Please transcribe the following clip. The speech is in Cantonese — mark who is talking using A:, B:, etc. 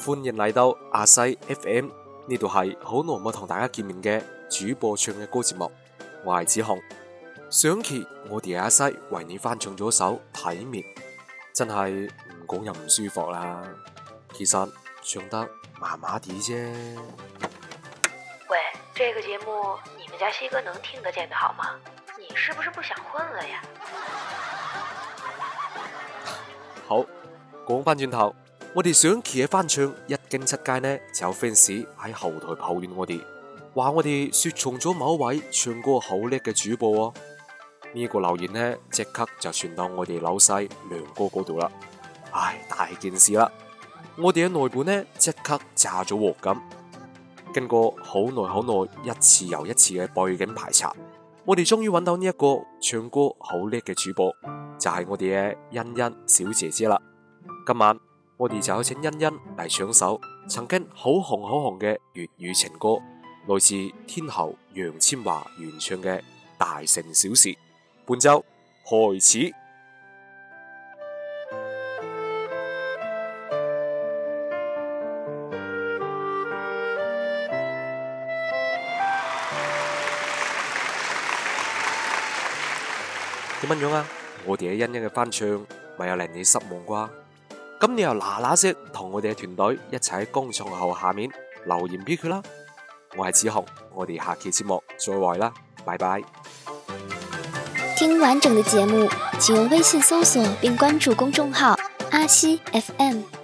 A: 歡迎嚟到亞西 FM 呢度，係好耐冇同大家見面嘅主播唱嘅歌節目，紅我子航，上期我哋亞西為你翻唱咗首體面，真係唔講又唔舒服啦，其實唱得麻麻地啫。
B: 喂，這個節目你們家西哥能聽得見的好嗎？你是不是不想混了呀？
A: 好，講翻轉頭。我哋上期嘅翻唱，一經出街呢，就有 fans 喺後台抱怨我哋，話我哋雪藏咗某位唱歌好叻嘅主播喎。呢、這個留言呢，即刻就傳到我哋老細梁哥嗰度啦。唉，大件事啦！我哋喺內部呢，即刻炸咗鑊咁。經過好耐好耐一次又一次嘅背景排查，我哋終於揾到呢一個唱歌好叻嘅主播，就係、是、我哋嘅欣欣小姐姐啦。今晚，我哋就有請欣欣嚟唱首曾經好紅好紅嘅粵語情歌，來自天后楊千嬅原唱嘅《大城小事》，伴奏開始。點樣 樣啊？我哋嘅欣欣嘅翻唱，唯有令你失望啩？咁你又嗱嗱聲同我哋嘅團隊一齊喺公眾號下面留言俾佢啦！我係子紅，我哋下期節目再會啦，拜拜。
C: 聽完整的節目，請用微信搜索並關注公眾號阿西 FM。